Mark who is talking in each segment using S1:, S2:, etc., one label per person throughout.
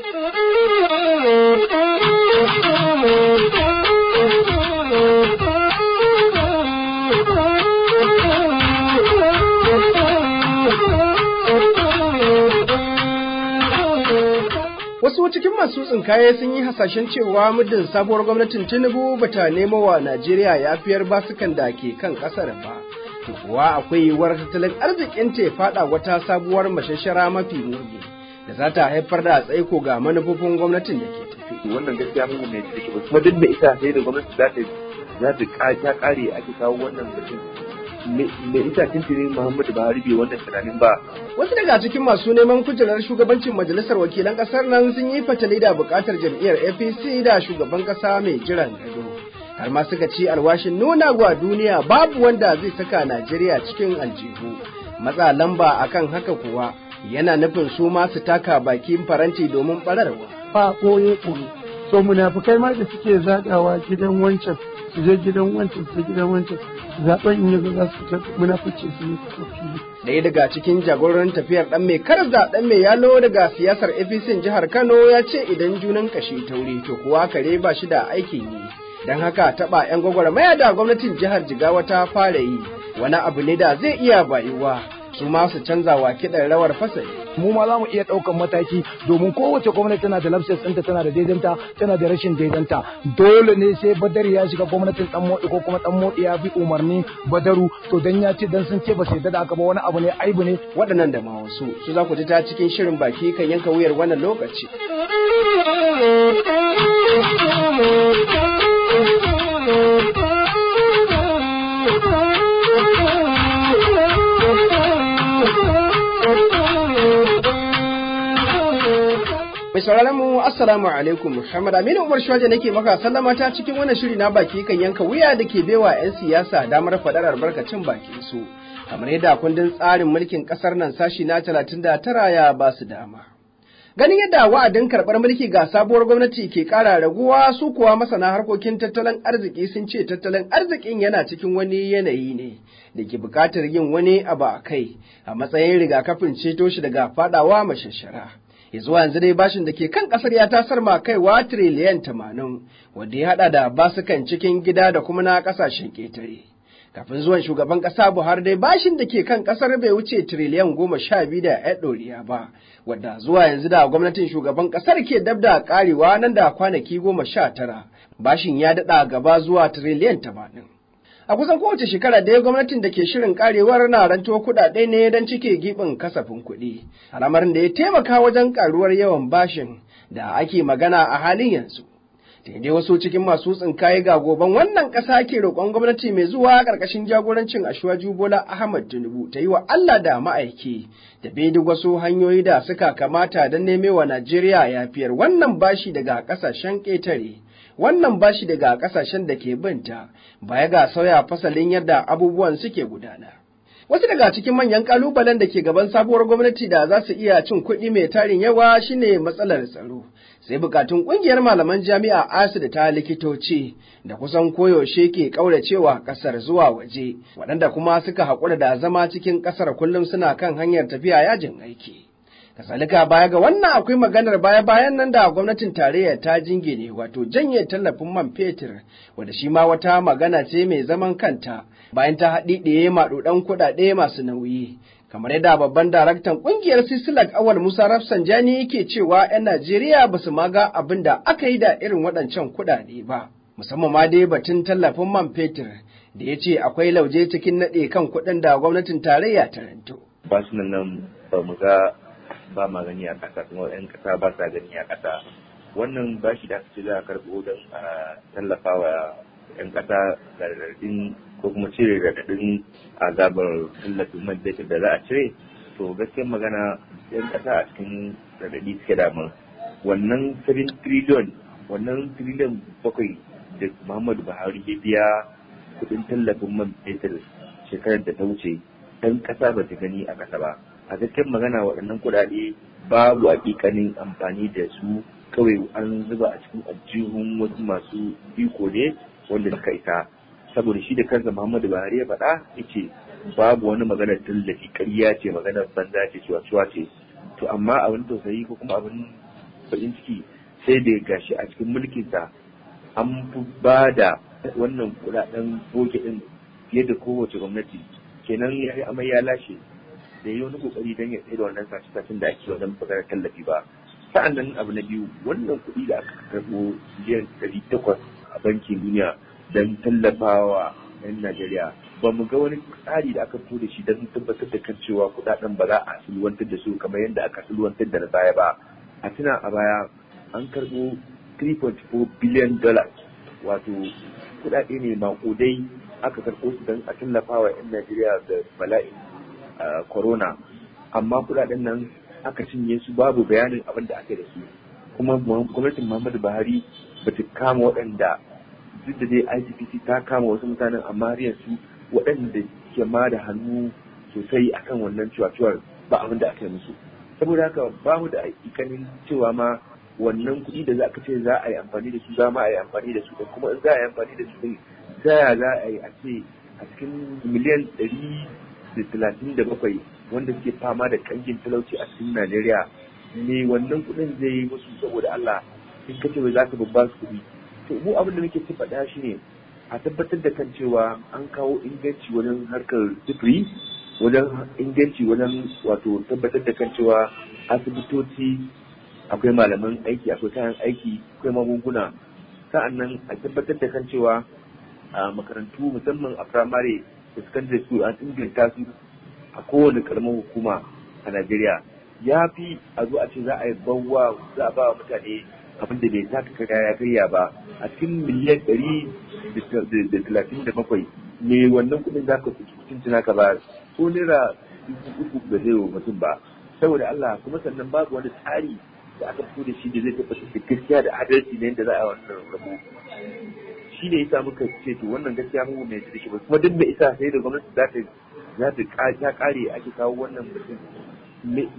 S1: Wasu
S2: cikin masu tsinkaye sun yi hasashen cewa muddin sabuwar gwamnatin Tinubu bata nemo wa Najeriya yafiyar basukan da ke kan ƙasar ba. kuwa akwai yiwuwar tattalin arzikin te ya faɗa wata sabuwar mashashara mafi murgi. da za ta haifar da tsaiko ga manufofin gwamnatin da ke
S3: tafi. Wannan gaskiya mun ne take ba kuma duk da ita sai da gwamnati za ta za ta ta kare ake kawo wannan batun. Me ita tuntunin Muhammadu Buhari bai wannan tunanin ba.
S2: Wasu daga cikin masu neman kujerar shugabancin majalisar wakilan kasar nan sun yi fatali da bukatar jam'iyyar APC da shugaban kasa mai jiran gado. Har ma suka ci alwashin nuna wa duniya babu wanda zai saka Najeriya cikin aljihu. Matsa lamba akan haka kuwa yana nufin su ma su taka bakin faranti domin
S1: bararwa. Ba ɓoye ɓoye. So munafukai ma da suke zaɗawa gidan wancan su je gidan wancan su gidan wancan zaɓen in yanzu za su tafi munafuci su yi fili.
S2: Ɗaya daga cikin jagoran tafiyar ɗan mai karza ɗan mai yalo daga siyasar APC jihar Kano ya ce idan junan kashi wuri to kuwa kare ba shi da aikin yi. Don haka taɓa 'yan gwagwarmaya da gwamnatin jihar Jigawa ta fara yi wani abu ne da zai iya bayuwa. su ma su canza wa kiɗan rawar fasai Mu ma za mu iya ɗaukan mataki domin kowace
S4: gwamnati tana da lapses ɗinta tana da daidanta tana da rashin daidanta. Dole ne sai badari ya shiga gwamnatin ɗan moɗi ko kuma ɗan moɗi ya bi umarni badaru to dan ya ce dan sun ce ba sai da aka ba wani
S2: abu ne aibu ne. Waɗannan da ma wasu su za ku ji ta cikin shirin baki kan yanka wuyar wannan lokaci. Mai sauraron mu Assalamu alaikum Muhammad Aminu Umar Shuwaje nake maka sallama ta cikin wannan shiri na baki kan yanka wuya da ke baiwa 'yan siyasa damar faɗar albarkacin baki su. Kamar yadda kundin tsarin mulkin kasar nan sashi na 39 ya ba su dama. Ganin yadda wa'adin karɓar mulki ga sabuwar gwamnati ke ƙara raguwa su kuwa masana harkokin tattalin arziki sun ce tattalin arzikin yana cikin wani yanayi ne da ke buƙatar yin wani abu a kai a matsayin rigakafin ceto shi daga faɗawa mashashara. zuwa yanzu dai bashin da ke kan kasar ya tasar ma kaiwa tiriliyan tamanin wanda ya hada da basukan cikin gida da kuma na kasashen ketare Kafin zuwan shugaban ƙasa Buhari dai bashin da ke kan ƙasar bai wuce tiriliyan goma sha biyu da ‘yan ɗoriya ba, wadda zuwa yanzu da gwamnatin shugaban ƙasar ke dab da karewa nan da kwanaki goma sha tara, bashin ya daɗa gaba zuwa tiriliyan tamanin. A kusan kowace shekara ya gwamnatin da ke shirin karewar na ranto kuɗaɗe ne don cike giɓin kasafin kuɗi, al'amarin da ya taimaka wajen karuwar yawan bashin da ake magana a halin yanzu. Daidai wasu cikin masu tsinkaye ga goban wannan ƙasa ke roƙon gwamnati mai zuwa ƙarƙashin jagorancin Ashwaju Bola Ahmad Tinubu ta yi wa Allah da ma'aiki da bai duk wasu hanyoyi da suka kamata don wa Najeriya yafiyar wannan bashi daga ƙasashen ƙetare. wannan ba shi daga ƙasashen da ke binta baya ga sauya fasalin yadda abubuwan suke gudana. Wasu daga cikin manyan ƙalubalen da ke gaban sabuwar gwamnati da za su iya cin kuɗi mai tarin yawa shine matsalar tsaro. Sai bukatun ƙungiyar malaman jami'a da ta likitoci da kusan koyaushe ke ƙauracewa ƙasar zuwa waje, waɗanda kuma suka haƙura da zama cikin ƙasar kullum suna kan hanyar tafiya yajin aiki. kasalika baya ga wannan akwai maganar baya bayan nan da gwamnatin tarayya ta jinge ne wato janye tallafin man fetur wanda shi ma wata magana ce mai zaman kanta bayan ta haɗi ɗaya maɗuɗan kuɗaɗe masu nauyi kamar yadda babban daraktan ƙungiyar sisilak awal musa rafsan jani yake cewa 'yan najeriya ba su maga abin da aka yi da irin waɗancan kuɗaɗe ba musamman ma dai batun tallafin man fetur da ya ce akwai lauje cikin naɗe kan kuɗin da gwamnatin tarayya ta
S3: ranto. nan ba mu ga ba ma gani a ƙasa kuma 'yan ƙasa ba sa gani a ƙasa wannan bashi da aka ce za a karɓo don a tallafa wa 'yan ƙasa gargaɗin ko kuma cire a azabar tallafin man fetur da za a cire to gaskiyar magana 'yan ƙasa a cikin gargaɗi suke damar wannan 7 trillion wannan trillion bakwai da muhammadu buhari ya biya kuɗin tallafin man fetur shekarar da ta wuce ɗan ƙasa ba ta gani a ƙasa ba a cikin magana waɗannan kuɗaɗe babu hakikanin amfani da su kawai an zuba a cikin ajihun wasu masu iko ne wanda suka isa saboda shi da kansa Muhammadu Buhari ya faɗa yace babu wani magana tallafi ƙarya ce maganar banza ce cewa ce to amma abin tausayi ko kuma abin bakin ciki sai da gashi a cikin mulkinsa an ba da wannan kuɗaɗen boge ɗin fiye da kowace gwamnati kenan ya yi amai ya lashe da yi wani kokari don ya tsaye da wannan sace-sacen da ake wajen bukatar tallafi ba sa'an nan abu na biyu wannan kuɗi da aka karɓo miliyan ɗari takwas a bankin duniya don tallafawa 'yan najeriya ba mu ga wani tsari da aka fito da shi don tabbatar da kan cewa kuɗaɗen ba za a sulwantar da su kamar yadda aka sulwantar da na baya ba a tuna a baya an karɓo 3.4 billion dollars wato kuɗaɗe ne maƙudai aka karɓo su don a tallafawa 'yan najeriya da bala'in corona amma kudaden nan aka cinye su babu bayanin abin da aka da su kuma gwamnatin muhammadu buhari ba ta kama waɗanda duk da dai ICPC ta kama wasu mutanen amma har yanzu waɗanda ke ma da hannu sosai akan wannan ciwaciwar ba abin da aka yi musu saboda haka ba da ikanin cewa ma wannan kuɗi da za ka ce za a yi amfani da su za ma a yi amfani da su da kuma in za a yi amfani da su ne za za a yi a ce a cikin miliyan ɗari da talatin da bakwai wanda suke fama da kangin talauci a cikin najeriya ne wannan kuɗin zai yi musu saboda allah in ka ce za ka babba su kuɗi to mu abin da muke faɗa shi ne a tabbatar da kan cewa an kawo inganci wajen harkar sufuri wajen inganci wajen wato tabbatar da kan cewa asibitoci akwai malaman aiki akwai kayan aiki akwai magunguna sa'annan a tabbatar da kan cewa a makarantu musamman a firamare fuskar da su an inganta su a kowane karamin hukuma a Najeriya ya fi a zo a ce za a yi bawa za a bawa mutane abin da bai taka kaka ya karya ba a cikin miliyan ɗari da talatin da bakwai me wannan kuɗin za ka cina ka ba ko naira uku da zai wa mutum ba saboda Allah kuma sannan babu wani tsari da aka fito da shi da zai tabbatar da gaskiya da adalci na da za a yi wannan rabo shi ne yasa muka ce to wannan gaskiya mu mai shi ba kuma duk mai isa sai da gwamnati za ta za ta kare ake kawo wannan mutum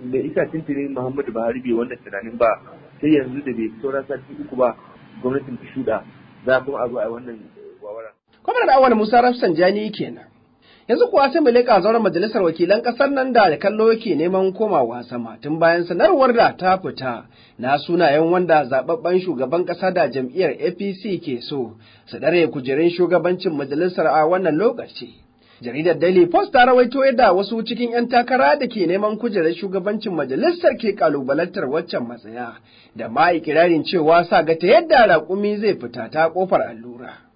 S3: me isa tuntunin Muhammadu Buhari bai wannan tunanin ba sai yanzu
S2: da bai saura sati uku ba gwamnatin ta shuda za kuma a zo a wannan wawara. Kwamar da awal Musa Jani kenan. yanzu kuwa sai mu leƙa zauren majalisar wakilan ƙasar nan da kallo yake neman komawa sama tun bayan sanarwar da ta fita na sunayen wanda zaɓaɓɓen shugaban ƙasa da jam'iyyar apc ke so su ɗare kujerun shugabancin majalisar a wannan lokaci jaridar daily post ta rawaito yadda wasu cikin 'yan takara da ke neman kujerar shugabancin majalisar ke kalubalantar waccan matsaya da ma cewa sa ga ta yadda raƙumi zai fita ta ƙofar allura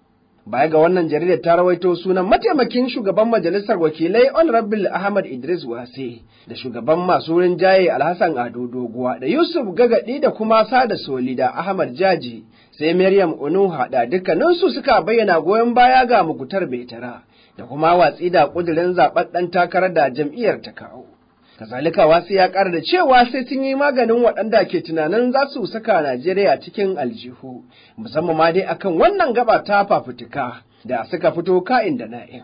S2: Baya ga wannan jaridar ta rawaito sunan mataimakin shugaban majalisar wakilai Honorable Ahmad Idris Wase da shugaban masu rinjaye Alhassan Ado Doguwa da Yusuf Gagadi da kuma Sada Soli da Ahmad Jaji sai Maryam Onuha da dukkaninsu suka bayyana goyon baya ga mugutar Betara da kuma watsi da kudirin ɗan takarar da jam'iyyar ta kawo. Kazalika wasu ya ƙara da cewa sai sun yi maganin waɗanda ke tunanin za su saka Najeriya cikin aljihu, musamman ma dai akan wannan gaba ta fafutuka da suka fito ka'in da na'in.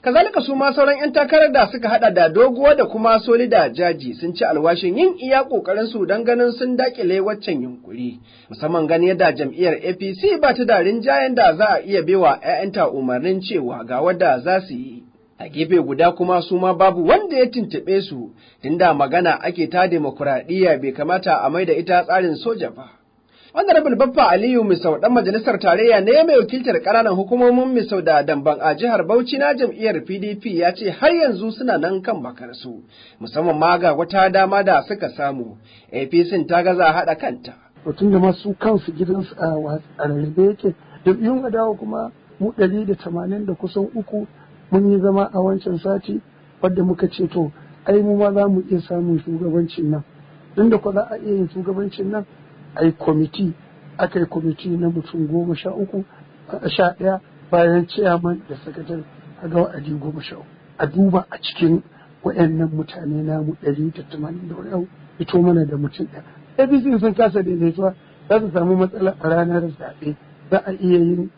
S2: Kazalika su ma sauran 'yan takarar da suka haɗa da doguwa da kuma solida jaji sun ci alwashin yin iya ƙoƙarin su don ganin sun dakile waccan yunkuri, musamman gani yadda jam'iyyar APC ba ta da rinjayen da za a iya bewa 'ya'yanta umarnin cewa ga wadda za su yi a gefe guda kuma su ma babu wanda ya tuntuɓe su inda magana ake ta demokuraɗiyya bai kamata a mai da ita tsarin soja ba. rabin Baffa Aliyu Misau ɗan majalisar tarayya ne mai wakiltar ƙananan hukumomin Misau da Damban a jihar Bauchi na jam'iyyar PDP ya ce har yanzu suna nan kan bakarsu musamman ma ga wata dama da suka samu APC ta gaza haɗa kanta.
S1: Mutum da masu kansu gidansu a rarrabe yake jam'iyyun dawo kuma mu ɗari da tamanin da kusan uku mun yi zama a wancan sati wadda muka ce to ai mu ma za mu iya samun shugabancin nan inda da za a iya yin shugabancin nan ai kwamiti aka yi kwamiti na mutum goma sha uku sha ɗaya bayan ciyaman da sakatar a ga wa'adi goma sha uku a duba a cikin wa'annan mutane namu ɗari da tamanin da wani fito mana da mutum ɗaya abc sun kasa daidaituwa za su samu matsala a ranar zaɓe za a iya yin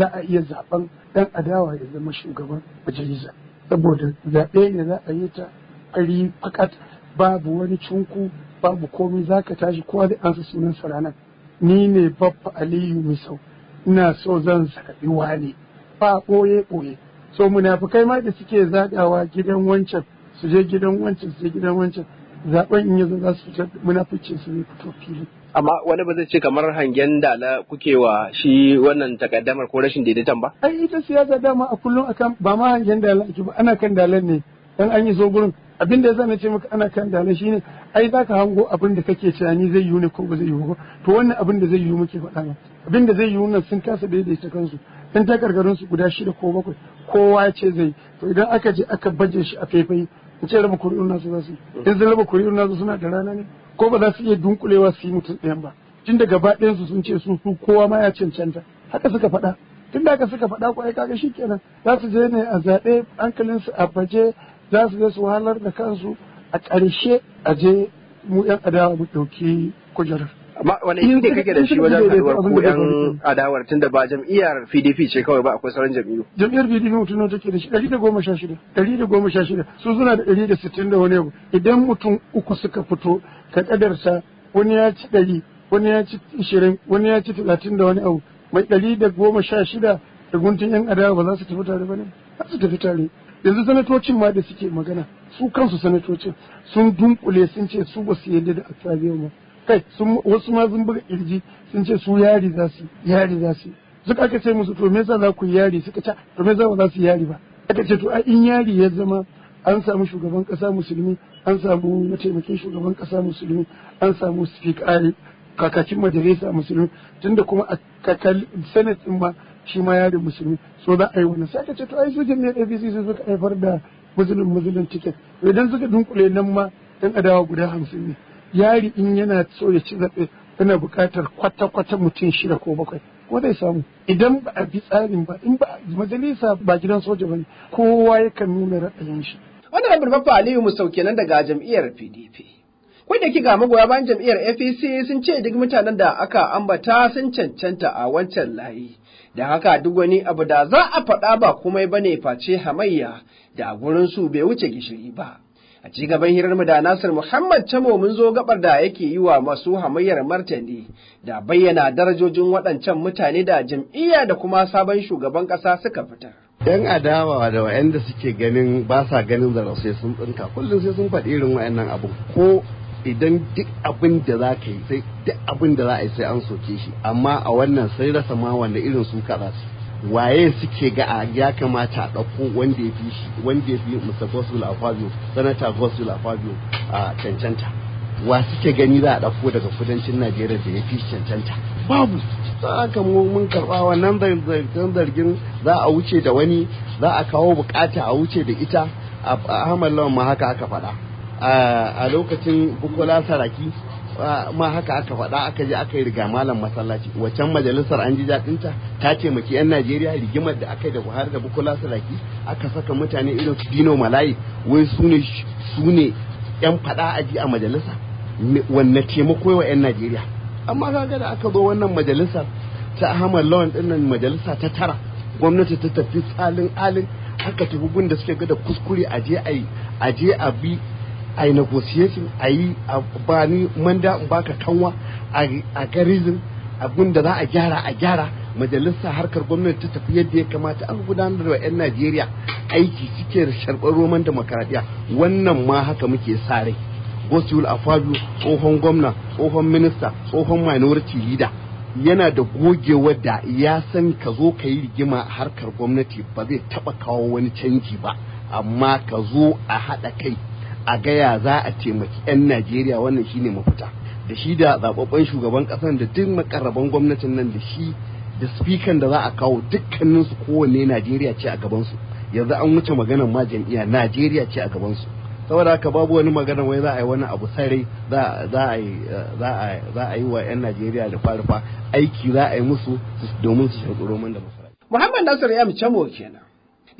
S1: za a iya zaben ɗan adawa ya zama shugaban majalisa saboda zaɓe ne za a yi ta ari fakat babu wani cunku babu komai za ka tashi kowa zai ansa sunan rana ni ne babba aliyu misau ina so zan zaɓi wani ba ɓoye ɓoye so munafukai ma da suke zaɗawa gidan wancan su je gidan wancan su je gidan wancan zaɓen in yanzu za su fitar munafuci su ne fito fili
S2: amma wani ba zai ce kamar hangen dala kuke wa shi wannan takaddamar ko rashin daidaiton ba
S1: ai ita siyasa dama a kullum akan ba ma hangen dala ake ba ana kan dalar ne dan an yi zo gurin abin da ya na ce maka ana kan dala shine ai zaka hango abin da kake cani zai yiwu ne ko ba zai yiwu ba to wannan abin da zai yiwu muke faɗa abin da zai yiwu nan sun kasa daidaita kansu dan takarkarin su guda shida ko bakwai kowa ce zai to idan aka je aka baje shi a faifai in ce raba kuri'un nasu za su in raba kuri'un nasu suna da rana ne ko ba za su iya dunkulewa su yi mutum ɗayan ba tun da gaba su sun ce su su kowa ma ya cancanta haka suka faɗa tun da haka suka faɗa ko ai kaga shikenan za su je ne a zaɓe hankalinsu a baje za su je su wahalar da kansu a ƙarshe a je mu 'yan adawa mu ɗauki kujerar
S2: wani shiri kake da shi wajen haduwar ku yan adawar tunda ba jam'iyyar PDP ce kawai ba akwai sauran
S1: jam'iyyu jam'iyyar PDP mutum nawa take da shi ɗari da goma sha shida ɗari da goma sha shida su suna da ɗari da sittin da wani abu idan mutum uku suka fito ka ƙadarsa wani ya ci ɗari wani ya ci ishirin wani ya ci talatin da wani abu mai ɗari da goma sha shida da guntun yan adawa ba za su tafi tare ba ne za su tafi tare yanzu sanatocin ma da suke magana su kansu sanatocin sun dunkule sun ce su ba su yarda da a ba kai wasu ma sun buga kirji sun ce su yari za su yari za su suka aka ce musu to me yasa za ku yari suka ca to me yasa ba za su yari ba aka ce to a in yari ya zama an samu shugaban kasa musulmi an samu mataimakin shugaban kasa musulmi an samu speaker kakakin majalisa musulmi tunda kuma a kakal senate din ma shi ma yari musulmi so za a yi wannan sai aka ce to ai su jami'ar APC su suka haifar da musulun musulun ticket idan suka dunkule nan ma dan adawa guda hamsin ne yari in yana so ya ci zaɓe yana buƙatar kwata-kwata mutum shida ko bakwai ko zai samu idan ba a bi tsarin ba in ba majalisa ba gidan soja ba ne kowa kan nuna ra'ayin shi. wannan burfafa aliyu mu sauke
S2: nan daga jam'iyyar pdp ko da ga magoya bayan jam'iyyar APC sun ce duk mutanen da aka ambata sun cancanta a wancan layi. Da haka duk wani abu da za a faɗa ba komai bane face hamayya da gurin su bai wuce gishiri ba. A ci gaban hirarmu da Nasir Muhammad Camo mun zo gabar da yake yi wa masu hamayyar martani da bayyana darajojin waɗancan mutane da jam'iyya da kuma sabon shugaban ƙasa suka
S5: fitar. Yan adawa da waɗanda suke ganin ba sa ganin zarar sai sun tsinka kullum sai sun faɗi irin waɗannan abu ko idan duk abin da za ka yi sai duk abin da za a yi sai an soke shi amma a wannan sai rasa ma wanda irin su kaɗa su waye suke ga ya kamata a ɗauko wanda ya fi shi wanda ya fi Mr. Gospel Afabio Senator Gospel Afabio a cancanta wa suke gani za a ɗauko daga kudancin Najeriya da ya fi cancanta babu haka mun karɓa wannan zargin za a wuce da wani za a kawo bukata a wuce da ita a hamar Lawan ma haka aka faɗa a lokacin Bukola Saraki ma haka aka faɗa aka je aka yi riga malam masallaci wacan majalisar an ji jaɗinta ta taimaki 'yan najeriya rigimar da aka yi da buhari da bukola saraki aka saka mutane irin su dino malayi wai su ne 'yan faɗa aji a majalisa wanne taimako wa 'yan najeriya amma kaga da aka zo wannan majalisar ta ahmad lawan dinnan majalisa ta tara gwamnati ta tafi tsalin alin aka tafi gun da suke ga kuskure a je a bi a yi negotiation a yi a ni manda in baka kanwa a garizin abin da za a gyara a gyara majalisa harkar gwamnati ta tafi yadda ya kamata an gudanar da 'yan najeriya aiki cikin sharɓar roman demokaradiyya wannan ma haka muke sa rai gosul afabio tsohon gwamna tsohon minista tsohon minority leader yana da gogewa da ya san ka zo ka yi rigima a harkar gwamnati ba zai taɓa kawo wani canji ba amma ka zo a haɗa kai a gaya za a taimaki 'yan najeriya wannan shine mafita da shi da zababben shugaban kasan da duk makarraban gwamnatin nan da shi da spikan da za a kawo dukkanin su kowanne najeriya ce a gabansu yanzu an wuce maganar ma jam'iyya najeriya ce a gabansu saboda haka babu wani magana wai za a yi wani abu sare za a yi wa 'yan najeriya da farfa aiki za a yi musu domin su shirɗi roman da masarauta muhammad nasir yam camo
S2: kenan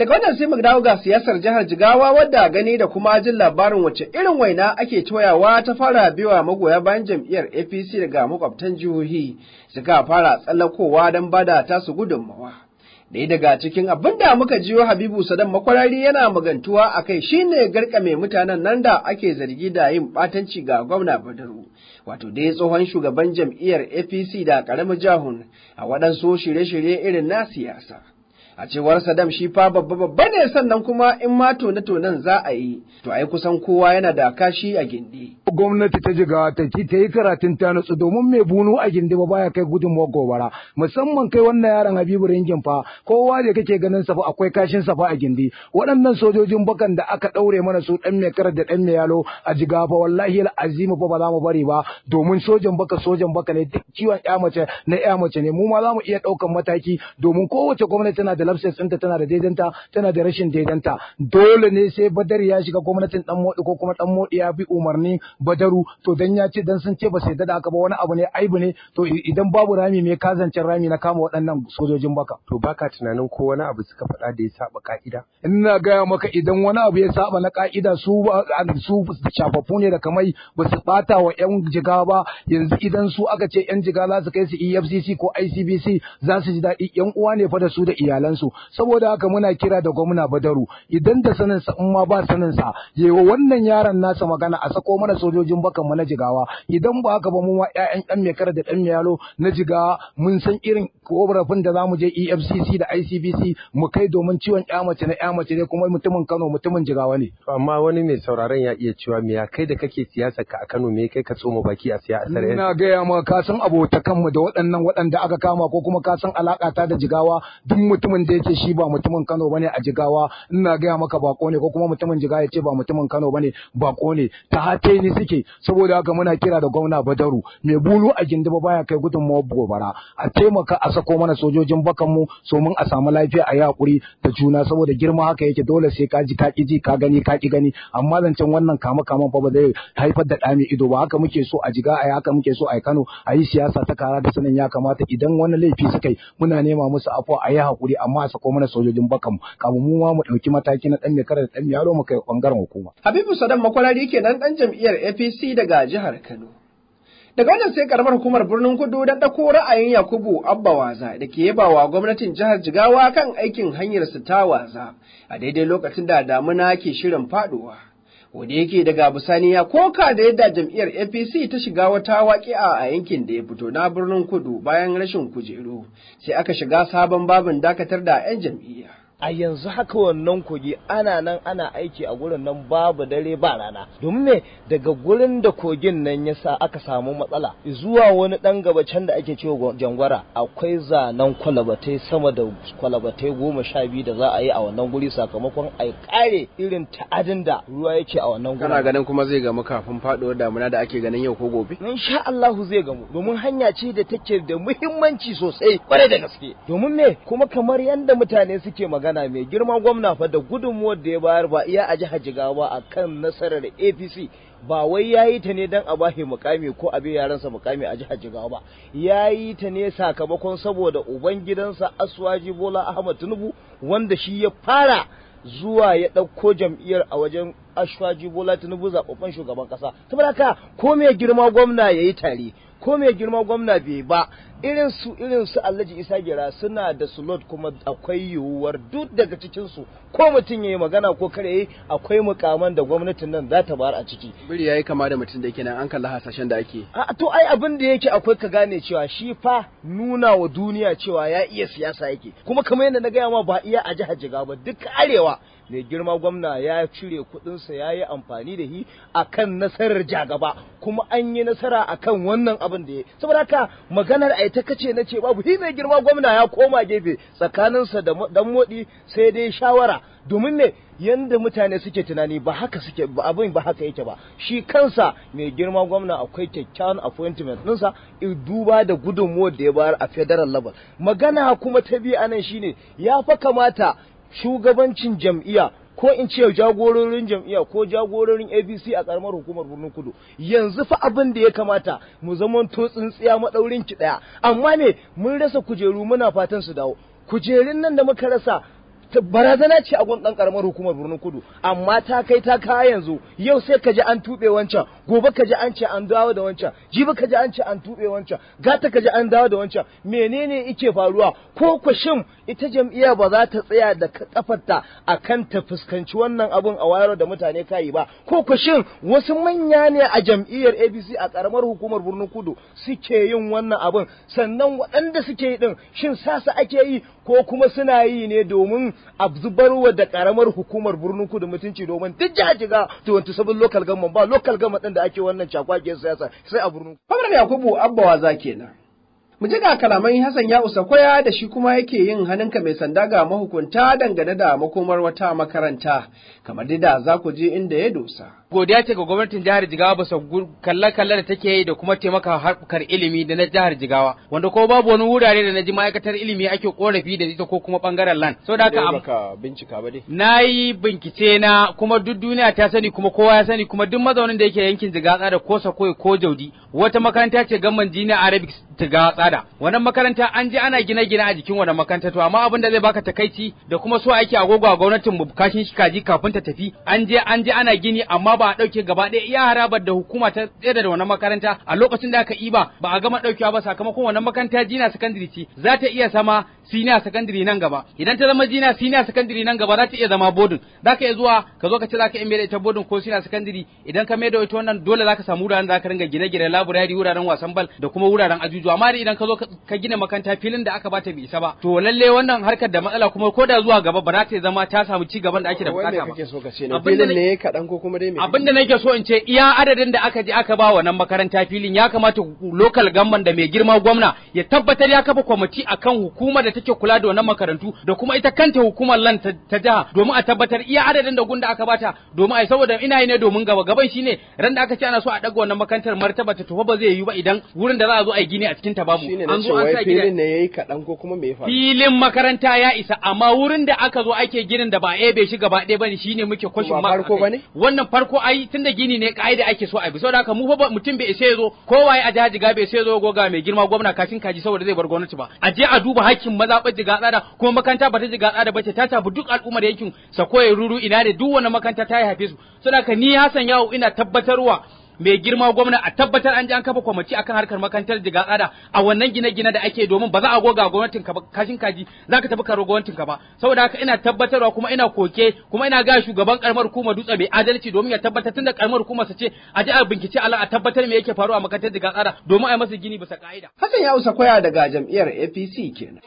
S2: Daga wannan sai mu dawo ga siyasar jihar Jigawa wadda gani da kuma jin labarin wace irin waina ake toyawa ta fara biwa magoya bayan jam'iyyar APC daga makwabtan jihohi suka fara tsallakowa don bada tasu gudunmawa. Ɗaya daga cikin abin da muka jiyo Habibu Sadan makwarari yana magantuwa a kai shine garkame mutanen nan da ake zargi da yin ɓatanci ga gwamna Badaru, wato dai tsohon shugaban jam'iyyar APC da ƙaramin jahun a waɗansu shirye-shirye irin na siyasa. A cewar Saddam shi fa babba babba ne sannan kuma in ma tone tonen za a yi, to ai kusan kowa yana da kashi a gindi.
S4: Gwamnati ta jiga ta ta yi karatun ta nutsu domin mai bunu a gindi ba baya kai mu gobara, musamman kai wannan yaron Habibu Ringin fa kowa da kake ganin sa fa akwai kashin sa fa a gindi. Waɗannan sojojin bakan da aka ɗaure mana su dan mai karar da dan mai yalo a jiga fa wallahi azimu fa ba za mu bari ba domin sojan baka sojan baka ne duk ciwon ƴa mace na ƴa mace ne mu ma za mu iya ɗaukan mataki domin kowace gwamnati tana da collapses ɗinta tana da daidanta tana da rashin daidanta dole ne sai badar ya shiga gwamnatin dan modi ko kuma dan modi ya bi umarni badaru to dan ya ce dan sun ce ba sai yadda da haka ba wani abu ne aibu ne to idan babu rami me kazancin rami na kama waɗannan sojojin baka to baka tunanin ko wani abu suka
S3: faɗa da ya saba ka'ida
S4: ina gaya maka idan wani abu ya saba na ka'ida su su shafaffu ne da kamai ba su bata wa yan jiga ba yanzu idan su aka ce yan jiga za su kai su EFCC ko ICBC za su ji daɗi yan uwa ne fa da su da iyalansu su saboda haka muna kira da gwamna Badaru idan da sanin sa in ma ba saninsa, sa yewa wannan yaron nasa magana a sako mana sojojin bakan mu na jigawa idan ba haka ba mu ma ƴaƴan ɗan mai kara da ɗan mai yalo na jigawa mun san irin korafin da zamu je EFCC da ICBC mu kai domin ciwon ƴa mace na ƴa mace ne kuma mutumin Kano mutumin jigawa ne
S3: amma wani mai sauraron ya iya cewa me ya kai da kake siyasa ka a Kano me kai ka tsoma baki a siyasar ina
S4: gaya ma ka san abota mu da waɗannan waɗanda aka kama ko kuma ka san alaƙa ta da jigawa duk mutumin wanda ya ce shi ba mutumin Kano bane a Jigawa ina gaya maka bako ne ko kuma mutumin Jigawa ya ce ba mutumin Kano bane bako ne ta hate ni suke saboda haka muna kira da gwamna Badaru mai bulu a gindiba baya kai mawa gobara a taimaka a sako mana sojojin bakan mu so mun a samu lafiya a yakuri da juna saboda girma haka yake dole sai ka ji ka ji ka gani ka ki gani amma zancen wannan kama kaman fa ba zai haifar da ɗami ido ba haka muke so a jiga a haka muke so a Kano a yi siyasa ta kara da sanin ya kamata idan wani laifi suka yi muna nema musu afuwa a yi hakuri a amma a sako mana sojojin bakanmu, kamu mu ma mu ɗauki mataki na ɗan mekara da ɗan yaro mu kai ɓangaren hukuma.
S2: Habibu sadam Makwarari kenan dan jam'iyyar APC daga jihar Kano. Daga wannan sai karamar hukumar birnin kudu don ɗauko ra'ayin Yakubu Abbawaza da ke yaba wa gwamnatin jihar Jigawa kan aikin hanyar su ta waza a daidai lokacin da damuna ke shirin faɗuwa. wanda yake daga bisani ya koka da yadda jam'iyyar apc ta shiga wata waƙi'a a yankin da ya fito na birnin kudu bayan rashin kujeru sai aka shiga sabon babin dakatar da 'yan jam'iyya
S6: a yanzu haka wannan kogi ana nan ana aiki a gurin nan babu dare ba rana domin me daga gurin da kogin nan ya sa aka samu matsala zuwa wani dan gaba can da ake cewa jangwara akwai zanen kwalabatai sama da kwalabatai goma sha biyu da za a yi a wannan guri sakamakon a kare irin ta'adin da ruwa yake a wannan guri kana ganin kuma zai gamu kafin faduwar damuna da ake ganin yau ko gobe insha Allah zai gamu domin hanya ce da take da muhimmanci sosai kwarai da gaske domin me kuma kamar yadda mutane suke magana magana mai girman gwamna fa da gudunmuwar da ya bayar ba iya a jihar jigawa a kan nasarar apc ba wai ya yi ta ne don a bashi mukami ko a bi yaransa mukami a jihar jigawa ba ya yi ta ne sakamakon saboda ubangidansa aswaji bola ahmad tinubu wanda shi ya fara zuwa ya ɗauko jam'iyyar a wajen ashwaji bola tinubu zaɓaɓɓen shugaban ƙasa saboda ka, ko mai girma gwamna ya yi tare ko mai girma gwamna bai ba irin su irin su alhaji isa gira suna da slot kuma akwai yiwuwar duk daga cikin su ko mutum ya yi magana ko kare yi, akwai mukaman da gwamnatin nan za ta bayar a ciki biri yayi kama da mutum da yake nan an kalla hasashen da ake a to ai abin da yake akwai ka gane cewa shi fa nuna wa duniya cewa ya iya siyasa yake kuma kamar yadda na gaya ma ba iya a jihar jigawa ba duk arewa mai girma gwamna ya cire kudinsa ya yi amfani da shi akan nasarar jagaba kuma an yi nasara akan wannan abin da ya saboda haka maganar a ta kace na ce babu shi mai girma gwamna ya koma gefe tsakaninsa da dan modi sai dai shawara domin ne yanda mutane suke tunani ba haka suke ba abin ba haka yake ba shi kansa mai girma gwamna akwai kyakkyawan appointment ɗinsa duba da gudunmuwar da ya bayar a federal level magana kuma ta biyu anan shine ya fa kamata shugabancin jam'iya ko in ce jagororin jam'iya ko jagororin abc a karamar hukumar birnin kudu yanzu fa abin da ya kamata mu zaman to tsintsiya madaurin ki daya amma ne mun rasa kujeru muna fatan su dawo kujerun nan da muka rasa barazana ce a gwamnan karamar ƙaramar hukumar birnin kudu amma ta kai ta kaya yanzu yau sai ka ji an tuɓe wancan gobe ka ji an ce an dawo da wancan jibi ka ji an ce an tuɓe wancan gata ka ji an dawo da wancan menene ike faruwa ko ku shin ita jam'iyya ba za ta tsaya da kafarta a kan ta fuskanci wannan abun a wayar da mutane kayi ba ko ku shin wasu manya ne a jam'iyyar abc a ƙaramar hukumar birnin kudu suke yin wannan abun sannan waɗanda suke yi ɗin shin sasa ake yi ko kuma suna yi ne domin a zubarwa da karamar hukumar birnin kudu mutunci domin duk jajiga to wanta sabon local government
S2: ba local government din da ake wannan cakwakiyar siyasa sai a birnin Famar Yakubu Abba Waza kenan mu ji ga kalaman Hassan ya usa koya da shi kuma yake yin hannunka mai sanda ga mahukunta dangane da makomar wata makaranta kamar da za ku je inda ya dosa
S7: godiya ce ga gwamnatin jihar Jigawa ba su kalle-kalle da take yi da kuma taimaka harkar ilimi da na jihar Jigawa wanda ko babu wani wurare da na ji ma'aikatar ilimi ake korafi da ita ko kuma bangaren LAN. So da bincika ba dai. Na yi bincike na kuma duk duniya ta sani kuma kowa ya sani kuma duk mazaunin da yake yankin Jigawa tsada ko Sakoyi ko Jaudi wata makaranta ce gamman jini Arabic Jigawa tsada. Wannan makaranta an je ana gina gina a jikin wannan makaranta to amma abin da zai baka takaici da kuma so ake agogo a gwamnatin bukashin shi kaji kafin ta tafi an je an je ana gini amma ba a ɗauke gaba ɗaya iya harabar da hukuma ta tsere da wannan makaranta a lokacin da aka yi ba ba a gama ɗaukewa ba sakamakon wannan makaranta jina sakandiri ce za ta iya zama senior sakandiri nan gaba idan ta zama jina senior sakandiri nan gaba za ta iya zama bodin za ka iya zuwa ka zo ka ce za ka iya da ita bodin ko senior sakandiri idan ka maida ita wannan dole za ka samu wuraren za ka ringa gine-gine laburari wuraren wasan bal da kuma wuraren ajujuwa amma idan ka zo ka gina makaranta filin da aka ba ta bi isa ba to lalle wannan harkar da matsala kuma ko da zuwa gaba ba za ta zama ta samu ci gaban da ake da bukata ba.
S2: abin da ne filin ne kaɗan ko kuma dai
S7: me abin da nake so in ce iya adadin da aka je aka ba wa nan makaranta filin ya kamata lokal gamman da mai girma gwamna ya tabbatar ya kafa kwamiti akan hukumar da take kula da wannan makarantu da kuma ita kanta hukumar lan ta jiha domin a tabbatar iya adadin da gunda aka bata domin ai saboda ina yi ne domin gaba gaban shine ran da aka ce ana so a daga wannan makarantar martaba ta tofa ba zai yi ba idan wurin da za a zo a gini a cikin ta bamu an zo an sa filin ne
S2: yayi kadan ko kuma me ya faru
S7: filin makaranta ya isa amma wurin da aka zo ake ginin da ba a yabe shi gaba ɗaya bane shine muke kwashin ma wannan farko ai da gini ne ka'ida ake so a bi saboda haka mu fa mutum bai ya zo kowa a jihar jiga bai zo yazo goga mai girma gwamna kashin kaji saboda zai bar gwamnati ba a je a duba hakkin mazaɓar jiga tsada kuma makanta ba ta jiga tsada ba ce ta tafi duk al'ummar yankin ya ruru ina da duk wani makanta ta yi haife su saboda haka ni Hassan Yawo ina tabbatarwa mai girma gwamna a tabbatar an ji an kafa kwamiti akan harkar makarantar diga tsada a wannan gine-gine da ake domin ba za a goga gwamnatin ka ba kashin kaji za ka tafi karo gwamnatin ka ba saboda haka ina tabbatarwa kuma ina koke kuma ina ga shugaban karamar hukumar dutse mai adalci domin ya tabbatar tunda karamar hukumar sa ce a ji a bincike Allah a tabbatar me yake faruwa a makarantar diga tsada domin a yi masa gini bisa ka'ida
S2: Hassan ya usa koya daga jam'iyyar APC kenan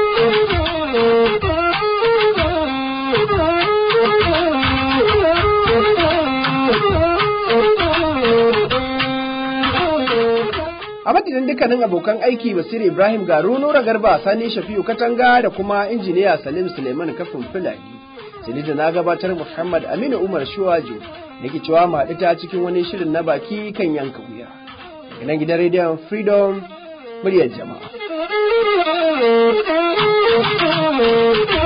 S2: madadin dukkanin abokan aiki Basir Ibrahim Garu Nura Garba Sani Shafi'u Katanga da kuma injiniya Salim Suleiman Kafin Fulani. Sai da na gabatar Muhammad Aminu Umar Shuwaju da ke cewa mu ta cikin wani shirin na baki kan yanka wuya. Daga gidan rediyon Freedom muryar jama'a.